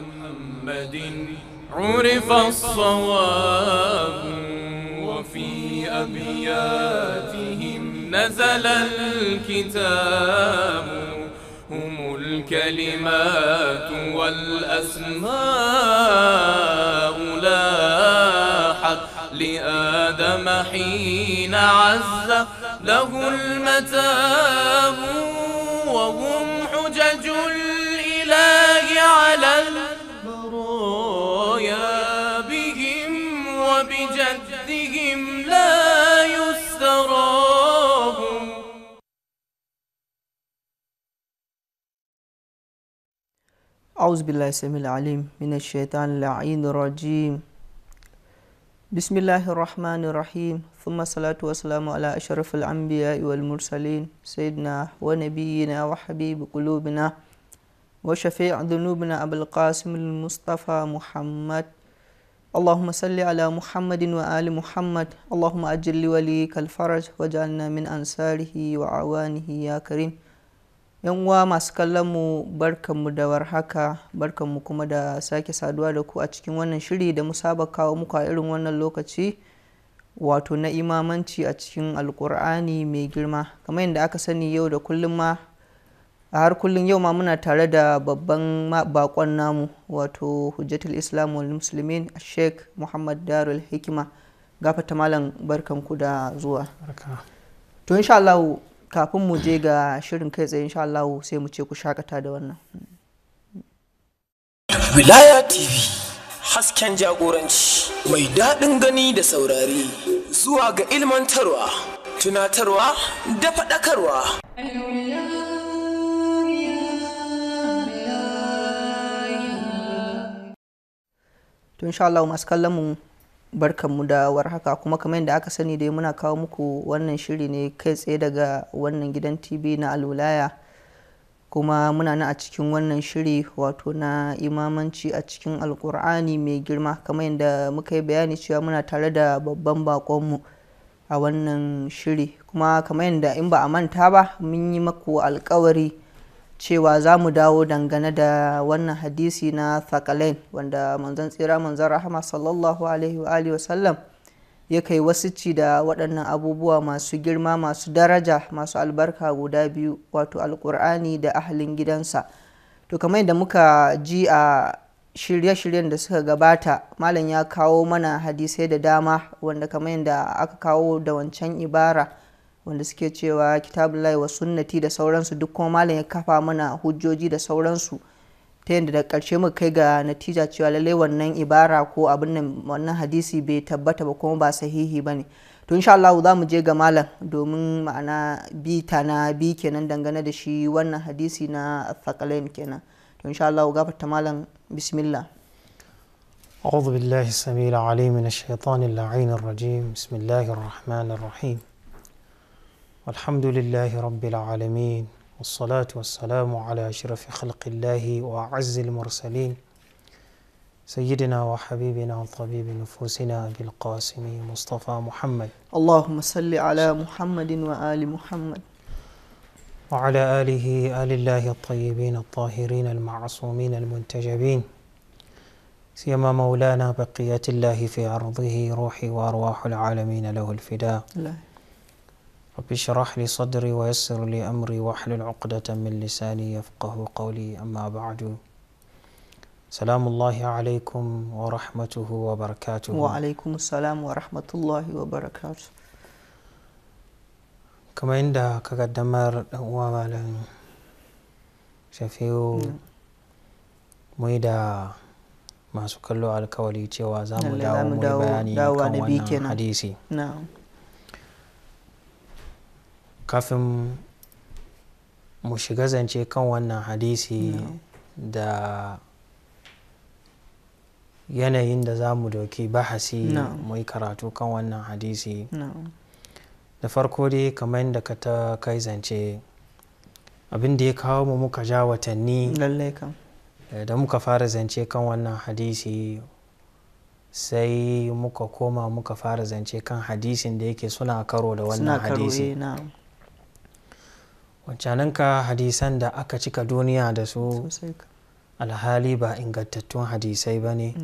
محمد عرف الصواب وفي أبياتهم نزل الكتاب هم الكلمات والأسماء لاحت لآدم حين عز له المتاب وهم أعوذ بالله السميع العليم من الشيطان اللعين الرجيم بسم الله الرحمن الرحيم ثم الصلاة والسلام على أشرف الأنبياء والمرسلين سيدنا ونبينا وحبيب قلوبنا وشفيع ذنوبنا أبو القاسم المصطفى محمد اللهم صل على محمد وآل محمد اللهم أجل لوليك الفرج وجعلنا من أنصاره وعوانه يا كريم yan uwa masu kallon mu barkanmu da warhaka barkanmu kuma da sake saduwa da ku a cikin wannan shiri da mu saba kawo muku a irin wannan lokaci wato na imamanci a cikin alkur'ani mai girma kamar yadda aka sani yau da kullum ma a har kullum yau ma muna tare da babban bakon namu wato hujjatul islam wal muslimin sheikh muhammad darul hikima gafata malam barkanku da zuwa tun insha kafin mu je ga shirin kai tsaye insha Allah sai mu ce ku shakata da wannan Wilaya TV hasken jagoranci mai daɗin gani da saurari zuwa ga ilmantarwa tunatarwa da faɗakarwa to insha Allah masu kallon mu barkanmu da haka kuma kamar yadda aka sani dai muna kawo muku wannan shiri ne kai tsaye daga wannan gidan tv na alwulaya kuma muna nan a cikin wannan shiri wato na imamanci a cikin alkur'ani mai girma kamar yadda muka yi bayani cewa muna tare da babban bakonmu a wannan shiri kuma kamar yadda in ba a manta ba mun yi maku alkawari cewa za mu dawo dangane da wannan hadisi na thakalain wanda manzan tsira manzan rahama sallallahu alaihi wa wasallam ya kai wasu ci da waɗannan abubuwa masu girma masu daraja masu albarka guda biyu wato alkur'ani da ahalin gidansa to kamar da muka ji a shirye-shiryen da suka gabata malam ya kawo mana hadisai da dama wanda kamar yadda aka kawo da wancan ibara wanda suke cewa kitabullahi wa sunnati da sauransu duk kuma malam ya kafa mana hujjoji da sauransu ta yadda da karshe mu kai ga natija cewa lalle wannan ibara ko abin nan wannan hadisi bai tabbata ba kuma ba sahihi ba ne to insha Allah za mu je ga malam domin ma'ana bi ta na bi kenan dangane da shi wannan hadisi na thaqalain kenan to insha Allah gafarta malam bismillah أعوذ بالله السميع العليم من الشيطان اللعين الرجيم بسم الله الرحمن الرحيم والحمد لله رب العالمين والصلاة والسلام على أشرف خلق الله وأعز المرسلين سيدنا وحبيبنا وطبيب نفوسنا بالقاسم مصطفى محمد اللهم صل على محمد وآل محمد وعلى آله آل الله الطيبين الطاهرين المعصومين المنتجبين سيما مولانا بقية الله في أرضه روحي وأرواح العالمين له الفداء الله رب اشرح لي صدري ويسر لي أمري واحلل عقدة من لساني يفقه قولي أما بعد سلام الله عليكم ورحمته وبركاته وعليكم السلام ورحمة الله وبركاته كما عند كقدمر ومالا شفيو نعم. ميدا ما سكلو على كواليتي za نعم، داو dawo mu bayani kan wannan kafin mu shiga zance kan wannan hadisi da yanayin da za mu doki bahasi mu yi karatu kan wannan hadisi da farko dai kamar da ka ta kai zance abin da ya kawo mu muka ja watanni eh, da muka fara zance kan wannan hadisi sai muka koma muka fara zance kan hadisin da yake suna karo da wannan hadisi eh, wancananka hadisan da aka cika duniya da su alhali ba ingantattun hadisai ba ne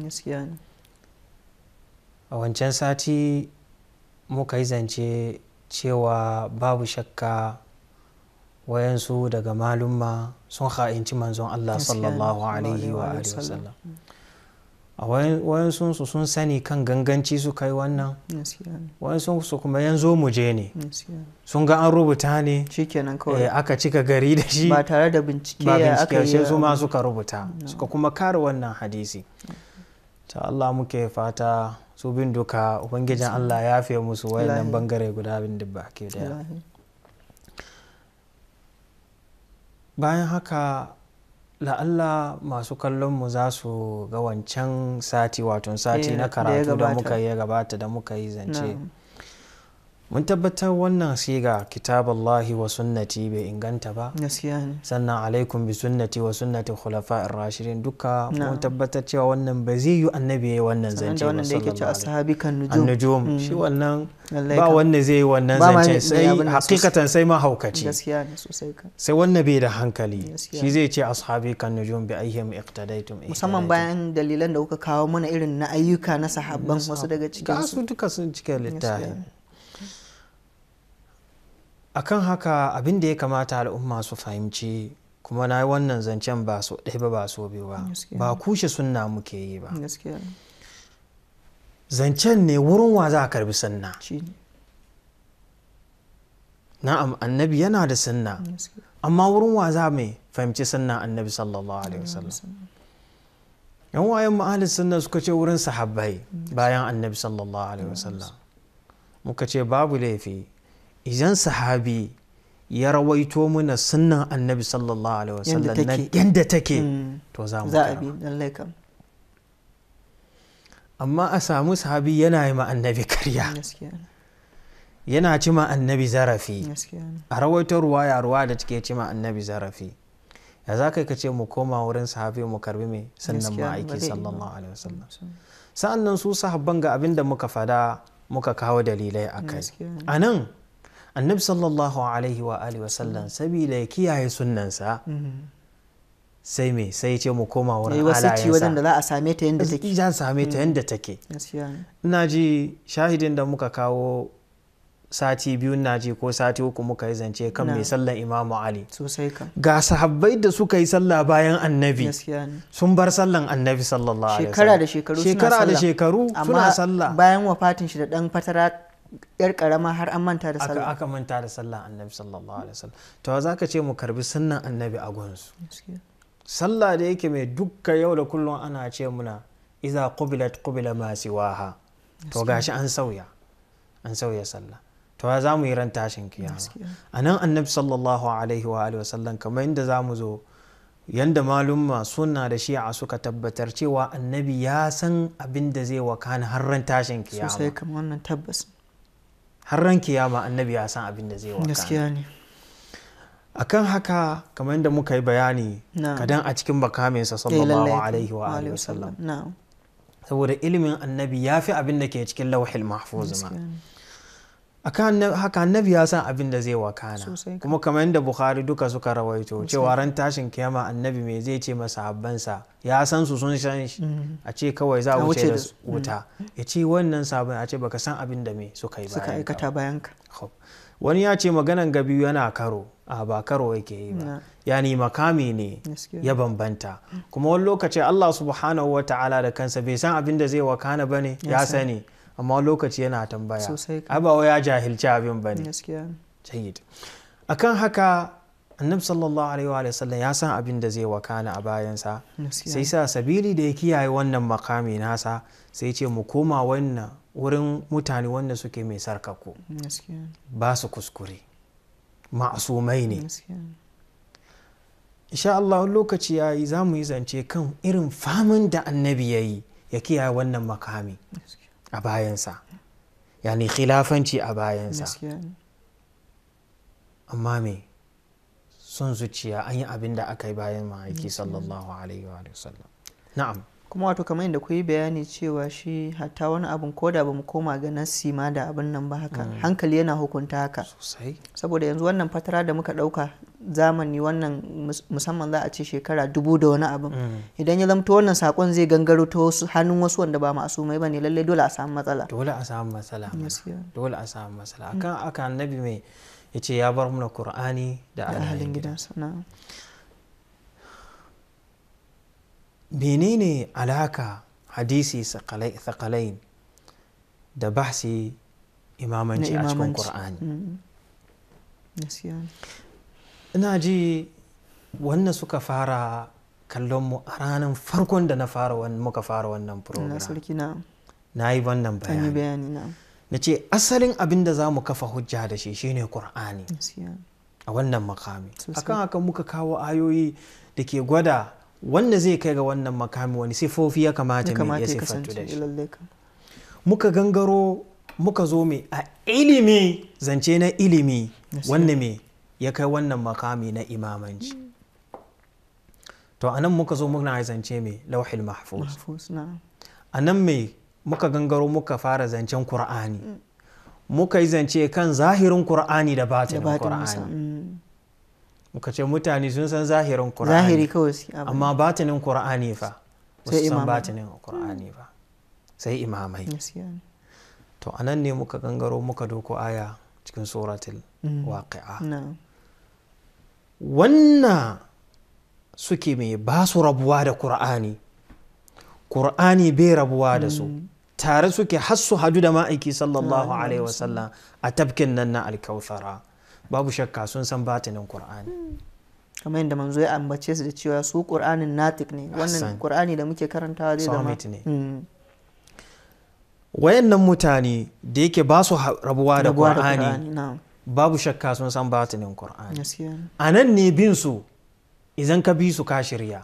a wancan sati muka yi zance cewa babu shakka wayansu daga malumma sun ha'inci manzon allah sallallahu alaihi wa sallam a su sun sani kan ganganci su kai wannan wayansu su kuma yanzu mu je ne sun ga an rubuta ne eh, aka cika gari da shi ba tare da bincike ba bincike shi su ma suka rubuta suka kuma kare wannan hadisi ta Allah muke fata su bin duka ubangijin Allah ya fiye musu wayannan bangare guda bin dubba ke daya bayan haka la'alla masu kallon mu za su ga wancan sati wato sati eh, na karatu da muka yi gabata da muka yi zance mun tabbatar wannan siga Allahi wa sunnati bai inganta ba sannan alaikum bi sunnati wa sunnati khulafa rashirin duka mun tabbatar cewa wannan ba zai yi annabi ya yi wannan zance ba sallallahu nujum shi mm. wannan ba wanda zai yi wannan zance sai hakikatan sai ma haukaci sai wanda bai da hankali shi zai ce ashabi kan nujum bi ayyam iqtadaitum musamman bayan dalilan da kuka kawo mana irin na ayyuka na sahabban wasu daga cikin su duka sun cike littafin. akan haka abin da ya kamata al'umma su fahimci kuma na wannan zancen ba so ɗaya ba ba so biyu ba ba kushe sunna muke yi ba zancen ne wurin wa za a karbi sunna na'am annabi yana da sunna amma wurin wa za mai fahimci sunna annabi sallallahu alaihi wasallam yan wayan ma'alin sunna suka ce wurin sahabbai bayan annabi sallallahu alaihi wasallam muka ce babu laifi idan sahabi ya rawaito muna sunnan annabi sallallahu alaihi wasallam yadda take hmm. to za mu bi amma a samu sahabi yana yi ma annabi karya yana ci ma annabi zarafi a rawaito ruwa ya ruwa da take ci ma annabi zarafi ya za ka ce mu koma wurin sahabi mu karbi mai sannan aiki sallallahu alaihi wasallam sa'annan su sahabban ga abin da muka fada muka kawo dalilai a kai a nan annabi sallallahu alaihi wa alihi wasallam saboda ya kiyaye sunnansa sai me sai ce mu koma wurin halayensa wajen da za a same ta yadda take za a same ta mm. yadda take ina ji shahidin da muka kawo sati biyu na ji ko sati uku muka yi zance kan mai sallan imamu ali sosai ga sahabbai da suka yi sallah bayan annabi sun bar sallan annabi sallallahu alaihi wasallam shekara da shekaru suna sallah bayan wafatin shi da dan fatara yar karama har an manta da sallah aka manta da sallah annabi sallallahu alaihi wasallam to za ka ce mu karbi sunnan annabi a gunsu sallah da yake mai dukkan yau da kullum ana ce muna iza qubilat qubila ma siwaha to gashi an sauya an sauya sallah to za mu yi ran tashin kiyama anan annabi sallallahu alaihi wa alihi wasallam kamar inda za mu zo yanda malumma suna da shi'a suka tabbatar cewa annabi ya san abin da zai wakana har ran tashin kiyama sosai kamar wannan tabbas har ran kiyama annabi ya san abin da zai waka gaskiya ne akan haka kamar yadda muka yi bayani kadan a cikin bakaminsa eh, sallallahu alaihi wa alihi wasallam saboda ilimin annabi ya fi abin da ke cikin lauhil mahfuz ma haka annabi ya san abin da zai wakana kuma kamar yadda bukhari duka suka rawaito cewa ran tashin kiyama annabi mai zai ce masa habbansa ya san su sun san shi mm-hmm. a ce kawai za a wuce da wuta mm-hmm. ya ce wannan sabon a ce baka san abin da me suka yi bayan ka wani ya ce maganan gabi yana karo a ba karo yake yi ba yani makami ne ya bambanta kuma wani lokaci Allah subhanahu wa ta'ala da kansa bai san abin da zai wakana bane ya sani amma lokaci yana tambaya wa ya jahilci abin ba ne a kan haka annabi sallallahu alaihi wa sallam ya san abin da zai wakana a bayansa sai sa sabili da ya kiyaye wannan makami nasa sai ce mu koma wannan wurin mutane wanda suke mai sarkako ba su kuskure ma'asumai ne insha Allah lokaci ya yi za mu yi zance kan irin famin da annabi ya yi ya kiyaye wannan makami a bayansa yani khilafanci a bayansa amma me son zuciya an yi abin da aka yi bayan ma'aiki sallallahu alaihi wa sallam na'am kuma wato kamar yadda ku yi bayani cewa shi hatta wani abin ko da ba mu koma ga sima ma da abin nan ba haka mm. hankali yana hukunta haka saboda yanzu wannan fatara da muka dauka zamani wannan musamman za a ce shekara dubu da wani abin mm. idan ya zamto wannan sakon zai gangaro ta hannun wasu wanda ba mai ba ne lallai dole a samu matsala dole a samu matsala dole a samu matsala mm. akan annabi mai ce ya bar da qur'ani da ahalin gidansa menene alaka hadisi thakalain da bahsi imamanci a cikin ƙur'ani mm. ina ji wannan suka fara kallon mu a ranar farkon da na fara muka fara wannan program na yi wannan bayani na ce asalin abin da za mu kafa hujja da shi shine ƙur'ani a wannan makami akan haka muka kawo ayoyi da ke gwada wanda zai kai ga wannan makami wani sifofi ya kamata mai ya sifatu da shi muka gangaro muka zo mai a ilimi zance na ilimi wanda mai ya kai wannan makami na imamanci to a nan muka zo muna zance mai lauhil mahfuz a nan mai muka gangaro muka fara zancen kur'ani mm. muka yi zance kan zahirin kur'ani da batin kur'ani mm. muka ce mutane sun san zahirin qur'ani amma batinin qur'ani fa sai san batinin qur'ani fa sai imamai to anan ne muka gangaro muka doko aya cikin suratul mm. waqi'a wannan suke mai ba su rabuwa da qur'ani qur'ani bai rabuwa da su mm. tare suke hassu hadu da ma'aiki sallallahu alaihi wasallam a tafkin nan na alkauthara babu shakka sun san batinin qur'ani hmm. kamar yadda manzo ya ambace su da cewa su qur'anin natik ne wannan qur'ani da muke karantawa zai zama ne hmm. wayannan mutane da yake ba su rabuwa da qur'ani babu shakka sun san batinin qur'ani a nan ne bin su idan ka bi su ka shirya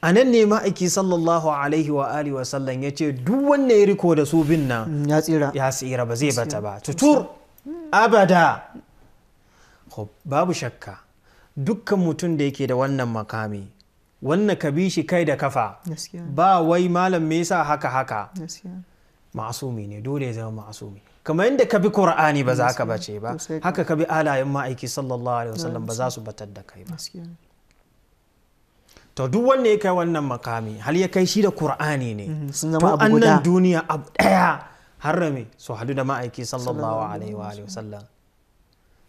a nan ne ma'aiki sallallahu alaihi wa alihi wa sallam ya ce duk wanda ya riko da su bin nan ya tsira ba zai bata ba tutur abada babu shakka dukkan mutum da yake da wannan makami wannan ka bi shi kai da kafa ba wai malam me yasa haka haka ma'asumi ne dole ya zama ma'asumi kamar yadda ka bi qur'ani ba za ka bace ba haka ka bi alayen ma'aiki sallallahu alaihi wasallam ba za su batar da kai ba to duk wanda ya kai wannan makami hal ya kai shi da qur'ani ne mhm, to annan duniya abu daya harrame su hadu da ma'aiki sallallahu alaihi wasallam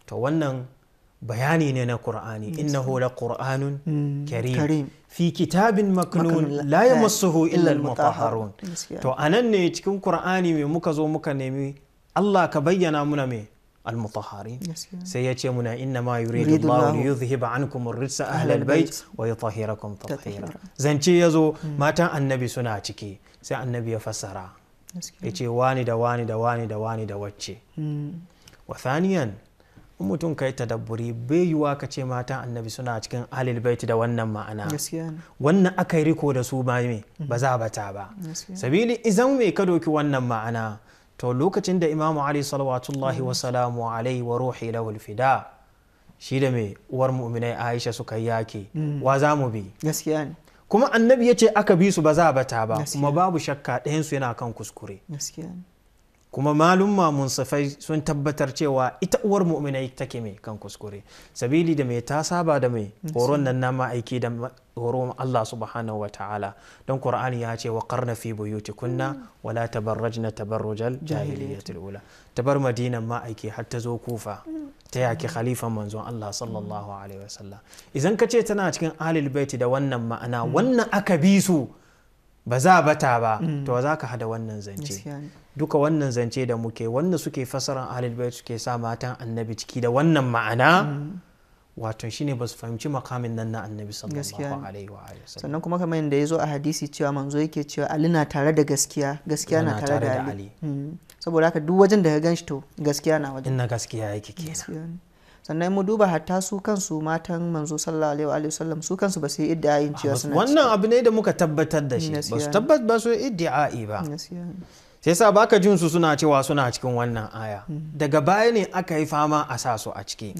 to wannan bayani ne na qur'ani inna hula qur'anun mm, karim fi kitabin maknun la yamassuhu illa al-mutahharun to anan ne cikin qur'ani me muka zo muka nemi Allah ka bayyana muna me المطهرين سيأتي منا إنما يريد, يريد الله ليذهب عنكم الرجس أهل البيت ويطهركم تطهيرا زنتي يزو ماتا النبي سنا تكي سي النبي يفسرا يتي واني دا واني دا واني وثانيا in mutum ka yi tadabburi bai yiwa ka ce matan annabi suna cikin ahlul baiti da wannan ma'ana wannan aka yi riko da su ba me ba za bata ba sabili izan mai ka doki wannan ma'ana to lokacin da imamu ali salawatullahi wa salamu alai wa ruhi lahul fida shi da mai uwar mu'minai aisha suka yake mm. wa za mu bi kuma annabi ya ce aka bi su ba za ba ta ba kuma babu shakka ɗayansu yana kan kuskure kuma malumma safai sun tabbatar cewa ita uwar mu'minai take mai kan kuskure sabili da mai ta saba da mai horon nan na ma'aiki da horon Allah subhanahu wa ta'ala don Qur'ani ya ce wa qarna fi buyutikunna mm. wala tabarrajna tabarrujal jahiliyatil ula tabar madinan ma'aiki har ta zo kufa mm. ta yaki khalifan manzon Allah sallallahu alaihi sallam idan ka ce tana cikin ahlul baiti da wannan ma'ana mm. wannan aka bi su ba za bata ba to za ka hada wannan zance duka wannan zance da muke wanda suke fasaran ahlul bait suke sa matan annabi ciki da wannan ma'ana wato shine ba su fahimci makamin nan na annabi sallallahu alaihi wa sannan kuma kamar yadda ya zo a hadisi cewa manzo yake cewa ali na tare da gaskiya gaskiya na tare da ali hmm. saboda haka duk wajen da ka ganshi to gaskiya na wajen inna gaskiya yake kenan sannan mu duba hatta su kansu matan manzo sallallahu alaihi wa sallam su kansu ba su yi iddiayin ah, cewa suna wannan abu ne da muka tabbatar da shi ba su tabbatar ba su yi iddia'i ba sai sa baka jin su suna cewa suna cikin wannan aya hmm. daga baya ne aka yi fama a sa su a ciki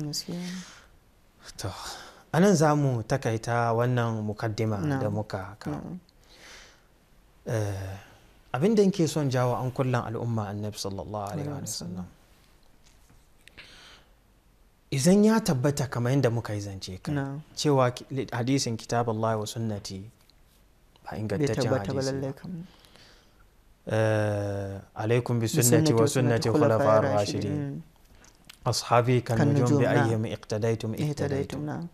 Anan za mu takaita wannan mukaddima da muka eh, abin da nke son jawo an kullum al'umma annabi sallallahu alaihi wa sallam. izan ya tabbata kamar yadda muka yi zance ka cewa hadisin kitab Allah wa sunnati ba ingantaccen hadisi alaikum bi sunnati wa sunnati أصحابي rashidin ashabi kan nujum bi ayyam iqtadaitum iqtadaitum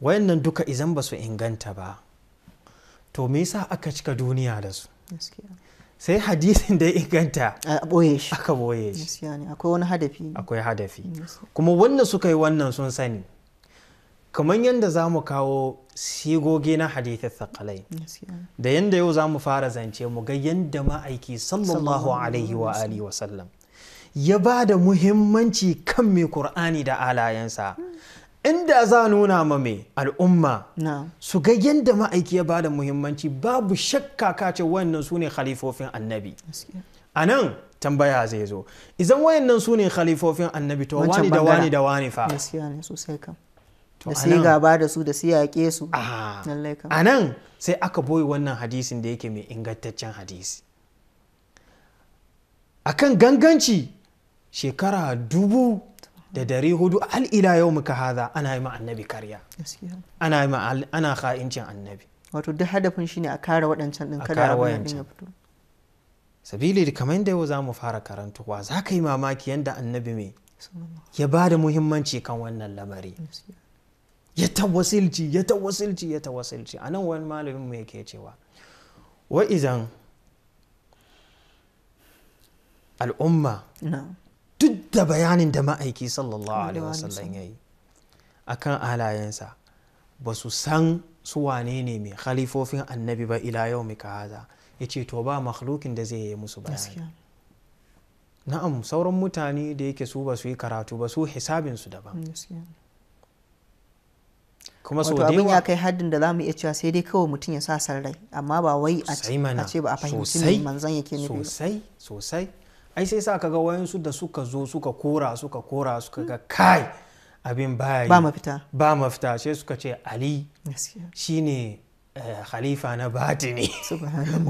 wayannan duka izan basu inganta ba to me aka cika duniya dasu? sai hadisin da ya inganta aka boye akwai wani hadafi akwai hadafi kuma wanda suka yi wannan sun sani kamar yadda za mu kawo sigogi na hadithin thakalai da yadda yau za mu fara zance mu ga yadda ma'aiki sallallahu alaihi wa alihi wasallam ya ba da muhimmanci kan mai kur'ani da alayensa inda za nuna ma mai al'umma su ga yadda ma'aiki ya ba da muhimmanci babu shakka kace wannan su ne khalifofin annabi a nan tambaya zai zo idan wayannan su ne khalifofin annabi to wani da wani da wani fa da su yi gaba da su da su yaƙe su ah. a nan sai aka boye wannan hadisin da yake mai ingantaccen hadisi akan ganganci shekara dubu da dari hudu al'ila yau muka haza ana yi ma annabi karya ana yi ana annabi wato duk hadafin shine a kare waɗancan ɗin kada abin ya fito sabili da kamar yadda yau za mu fara karantuwa za ka yi mamaki yadda annabi mai ya ba da muhimmanci kan wannan lamari ya ta wasilci ya ta wasilci ya ta wasilci a nan wani malamin mu yake cewa wa idan al'umma duk da bayanin da ma'aiki sallallahu alaihi wasallam ya yi a kan alayensa ba su san su wane ne mai khalifofin annabi ba ila yau mika haza ya ce to ba makhlukin da zai yi musu bayani na'am sauran mutane da yake su ba su yi karatu ba su hisabinsu daban kuma so abin ya kai haddin da zamu iya cewa sai dai kawai mutum ya sa san rai amma ba wai a ce ba a fahimci me manzon yake nufi sosai sosai ai sai sa kaga wayansu da suka zo suka kora suka kora suka ga kai abin baya ba mafita ba mafita sai suka ce ali eh, shine khalifa na batini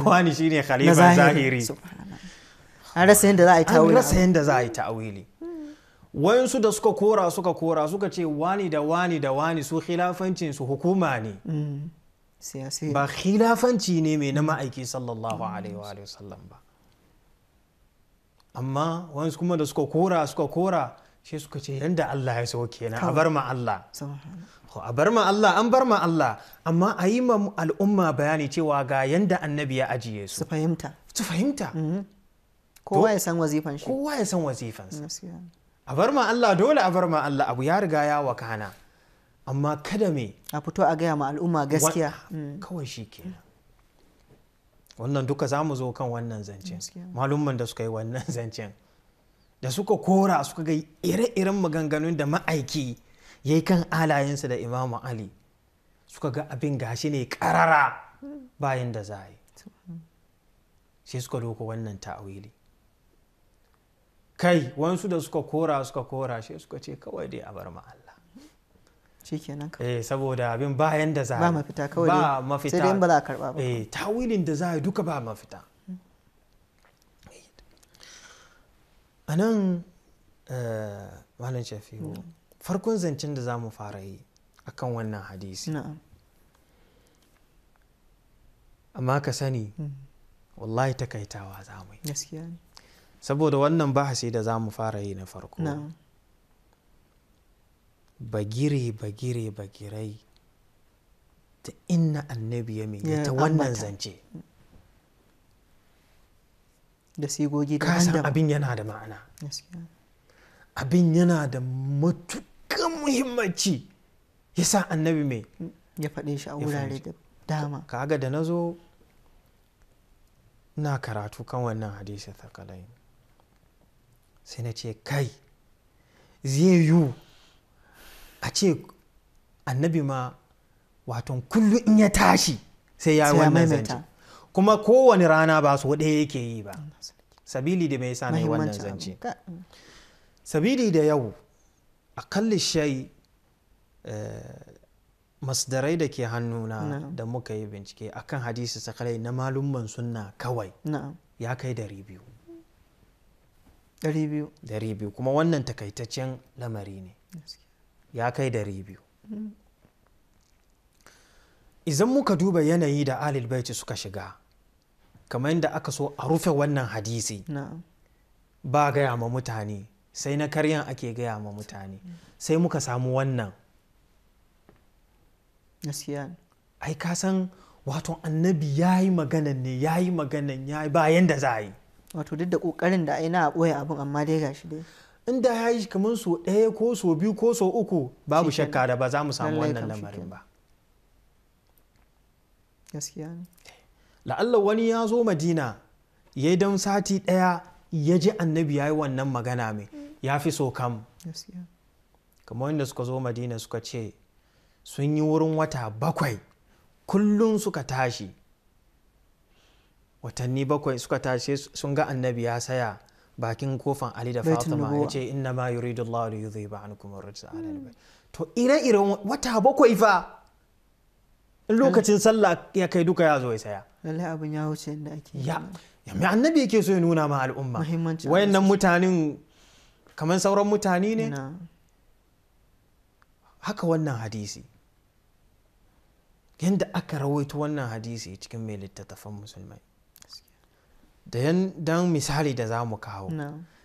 wani shine khalifa zahiri an rasa yadda za a yi ta'awili wayansu da suka kora suka kora suka ce wani da wani da wani su khilafancin su hukuma ne mm. ba khilafanci ne mai na ma'aiki sallallahu alaihi wa sallam ba amma wayansu kuma da suka kora suka kora shi suka ce yanda Allah ya so kenan a bar ma Allah a bar ma Allah an bar ma Allah amma a yi ma al'umma bayani cewa ga yanda annabi ya ajiye su su fahimta su fahimta mm-hmm. kowa ya san wazifan shi kowa ya san wazifan a bar ma Allah dole a bar ma Allah abu ya riga ya wakana amma kada me a fito a gaya ma al'umma gaskiya hmm. Hmm. kawai shi kenan wannan duka za mu zo kan wannan zancen malumman da suka yi wannan zancen da suka kora suka ga ire-iren maganganun da ma'aiki ya kan alayensa da imamu ali suka ga abin gashi ne karara hmm. bayan da za a yi sai suka doko wannan ta'awili kai wansu da suka kora suka kora shi suka ce kawai dai a bar ma Allah shikenan kawai eh saboda abin bayan da za ba mafita kawai ba mafita sai dai ba za a karba ba eh tawilin da za a duka ba mafita a nan eh, malam shafi'u mm. farkon zancen da za mu fara yi akan wannan hadisi amma ka sani mm. wallahi takaitawa za mu yi saboda wannan bahasi da za mu fara yi na farko bagire bagire bagirai ta inna annabi ya mai ta wannan zance da sigogi da kasan abin yana da ma'ana abin yana da matuƙar muhimmanci ya sa annabi mai ya faɗe shi a wurare da dama kaga da na zo na karatu kan wannan hadisi ta kalai. sai na ce kai zai yiwu a ce annabi ma waton kullum in ya tashi sai ya wannan zance kuma kowane rana ba su ɗaya yake yi ba sabili da mai yi wannan zance mm. sabili da yau akalli shai eh, masdarai da ke hannuna da muka yi bincike akan hadisi sakalai na malumman sunna kawai ya kai dari biyu 200 kuma wannan takaitaccen lamari ne ya kai 200 hmm. idan muka duba yanayi da alil baiti suka shiga kamar yadda aka so a rufe wannan hadisi ba gaya ma mutane sai na karyan ake gaya ma mutane hmm. sai muka samu wannan ai kasan wato annabi ya yi maganan ne ya yi maganan ya yi bayan da za a yi wato duk da kokarin da aina a boye abin amma dai gashi dai in da ya yi kamar so ɗaya ko so biyu ko so uku babu shakka da ba za mu samu wannan lamarin ba gaskiya ne la'alla wani ya zo madina ya yi don sati ɗaya ya ji annabi ya yi wannan magana mai ya fi so kam kamar wanda suka zo madina suka ce sun yi wurin wata bakwai kullum suka tashi watanni bakwai suka tashe sun ga annabi ya saya bakin kofan ali da fatima ya ce inna ma yuridu allah li yudhiba ankum ar-rijsa to ire-iren wata bakwai fa in lokacin sallah ya kai duka ya zo ya saya lallai abin ya wuce inda ake ya ya annabi yake so ya nuna ma al'umma wayannan mutanen kamar sauran mutane ne haka wannan hadisi yadda aka rawaito wannan hadisi cikin mai littattafan musulmai don misali da za mu kawo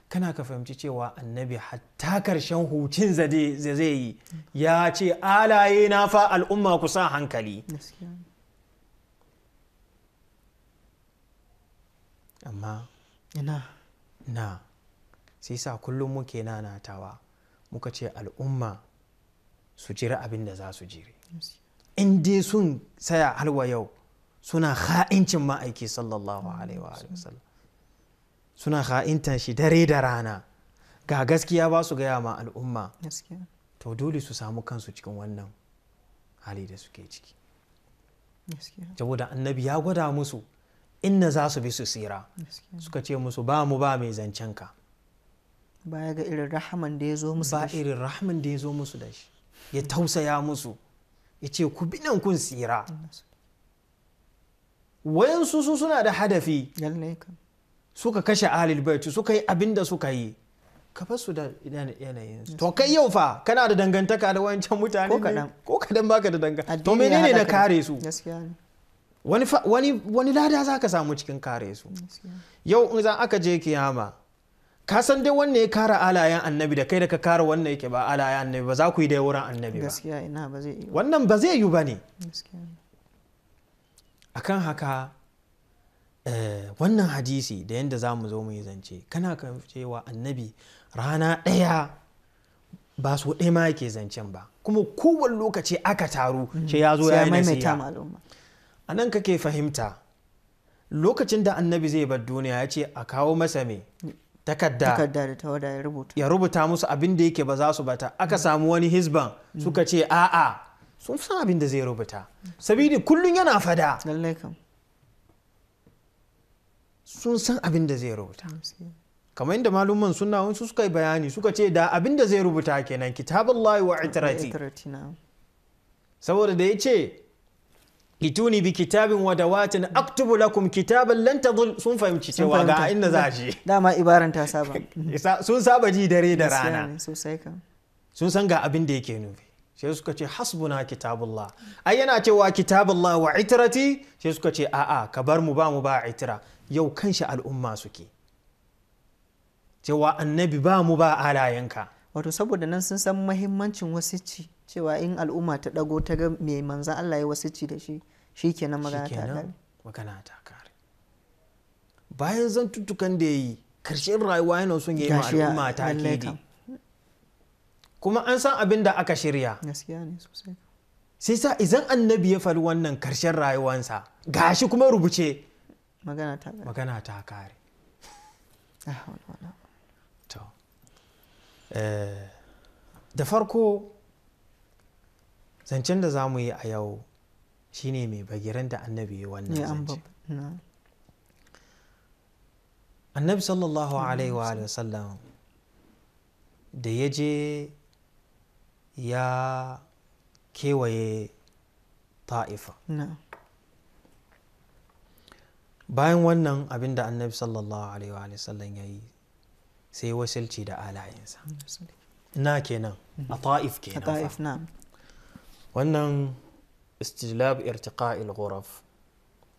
kana ka fahimci cewa annabi hatta karshen hucin zai yi ya ce alaye na fa al'umma ku sa hankali amma na sai sa kullum muke nanatawa muka ce al'umma su jira abin da za su jire in sun saya halwa yau suna ha'incin ma'aiki sallallahu alaihi wa sallam suna ha'intan shi dare da rana ga gaskiya ba su gaya ma al'umma to dole su samu kansu cikin wannan hali da suke ciki saboda annabi ya gwada musu inna za su bi su tsira suka ce musu ba mu ba mai zancen ka baya da ya ba irin rahaman da ya zo musu da shi ya tausaya musu ya ce ku bi nan kun tsira wayansu su suna da hadafi suka kashe ahalil baiti suka yi abin da suka yi ka ba su da yanayin to kai yau fa kana da dangantaka da wancan mutane ko kadan ko baka da dangantaka to menene na kare su wani lada za ka samu cikin kare su yau in za aka je kiyama ka san dai wanne ya kara alayen annabi da kai da ka kara wanne yake ba alayen annabi ba za ku yi dai wurin annabi ba wannan ba zai yi ba ne akan haka eh, wannan hadisi da yadda za mu zo mu yi zance kana kan cewa annabi rana ɗaya ba su ɗaya ma yake zancen ba kuma kowane lokaci aka taru ce mm-hmm. ya zo ya yi nasiya a nan kake fahimta lokacin da annabi zai bar duniya ya ce a kawo masa me mm. takarda ya rubuta musu abin da yake ba za su bata aka mm. samu wani hisban mm. suka ce a'a sun san abin da zai rubuta sabidi kullum yana fada sun san abin da zai rubuta kamar yadda malumman suna wasu suka yi bayani suka ce da abin da zai rubuta kenan kitabullahi wa itirati saboda da ya ce ituni bi kitabin wa dawatin aktubu lakum kitabin lan tadhul sun fahimci cewa ga inda za shi dama ibaran ta saba sun saba ji dare da rana sun san ga abin da yake nufi sai suka ce hasbuna kitabullah ai yana cewa kitabullah wa itrati sai suka ce a'a ka bar mu ba mu ba itira yau kanshi al'umma suke cewa annabi ba mu ba alayenka wato saboda nan sun san mahimmancin wasicci cewa in al'umma ta dago ta ga mai manzan Allah ya wasicci da shi shikenan magana ta magana ta kare bayan zan zantuttukan da yi karshen rayuwa yana son ya yi ma al'umma ta kuma an san abin da aka shirya gaskiya ne sosai sai sa idan annabi ya faru wannan karshen rayuwansa gashi kuma rubuce magana ta kare eh, da farko zancen da za mu yi a yau shine mai bagiran da annabi ya wannan zance annabi sallallahu alaihi wa sallam da ya je ya kewaye ta'ifa bayan wannan abinda annabi sallallahu alaihi sallam ya yi sai wasilci da alayensa na kenan a mm-hmm. ta'if kenan wannan istijlab irtiqa'il ghuraf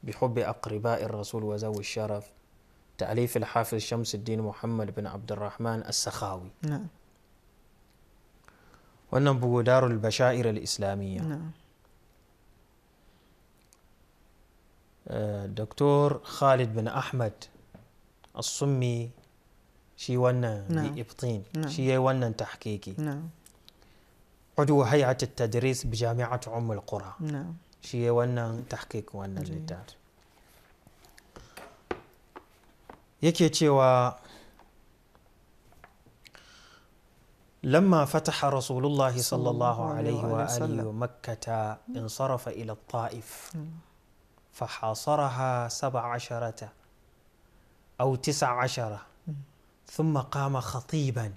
bi hubbi aqriba'ir rasul wa zawi sharaf da al-hafiz shams muhammad bin abdurrahman as wannan bugu darul bashair al-islamiyya eh, Doktor khalid bin ahmad as-summi shi wannan ibtin shi yayi wannan tahqiqi udwa hay'at at-tadris bi jami'at umm al-qura shi yayi wannan tahqiq wannan littafin yake cewa لما فتح رسول الله صلى الله عليه وآله مكة انصرف إلى الطائف فحاصرها سبع عشرة أو تسع عشرة ثم قام خطيبا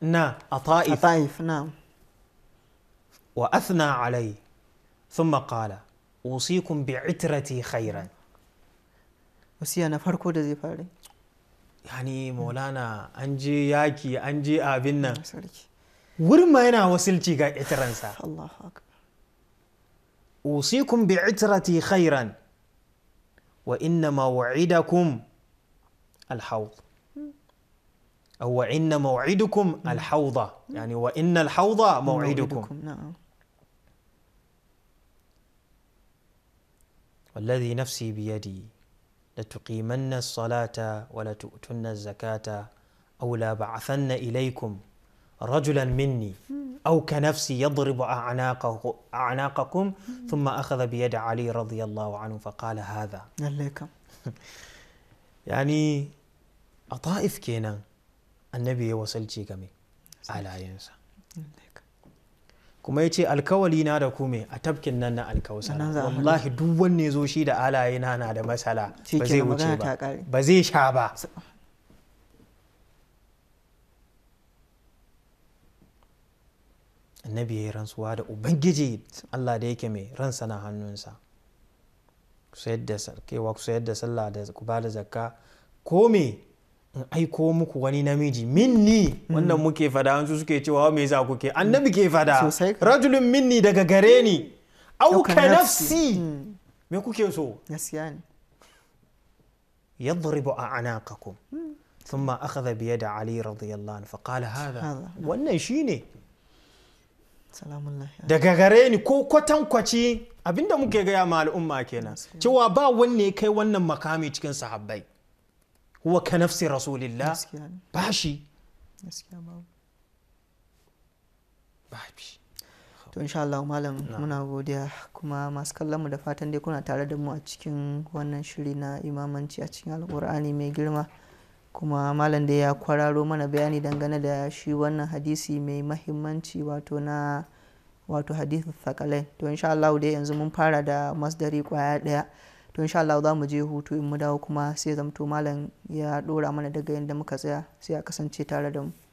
نعم أطائف أطائف نعم وأثنى عليه ثم قال أوصيكم بعترتي خيرا وسيانا فرقو دزي فاري يعني مولانا أنجي ياكي أنجي أبينا ورما هنا وصلتي جا إترنسا الله أكبر أوصيكم بعترتي خيرا وإنما وعدكم الحوض أو وإن موعدكم الحوض يعني وإن الحوض موعدكم نعم والذي نفسي بيدي لتقيمن الصلاة ولتؤتن الزكاة أو لابعثن إليكم رجلا مني أو كنفسي يضرب أعناقه أعناقكم ثم أخذ بيد علي رضي الله عنه فقال هذا يعني أطائف كينا النبي وصل ya wasalci game kuma ya ce alkawali na da kume a tafkin nan na alkawusa wallahi duk wanne zo shi da alaye na na da matsala ba zai wuce ba ba zai sha ba annabi ya yi rantsuwa da ubangiji allah da yake mai ransa na hannunsa ku sayar da sallah da ku ba da zakka ko me in aiko muku wani namiji minni wannan muke fada wasu suke cewa wa me za ku ke annabi ke fada rajulun minni daga gare ni auka nafsi hmm. me kuke so يضرب أعناقكم ثم أخذ بيد علي aliyu الله عنه فقال hada. wannan shine daga gare ni ko kwaci abinda muke gaya ma al'umma kenan cewa ba wanne kai wannan makami cikin sahabbai huwa ka nafsi rasulillah ba shi to insha Allah malam muna godiya kuma masu kallon mu da fatan dai kuna tare da mu a cikin wannan shiri na imamanci a cikin alkur'ani mai girma kuma malam da ya kwararo mana bayani dangane da shi wannan hadisi mai mahimmanci wato na wato hadithu thaqalain to insha Allah dai yanzu mun fara da masdari kwaya daya to insha Allah za mu je hutu in mu dawo kuma sai zamto malam ya dora mana daga yanda muka tsaya sai a kasance tare da mu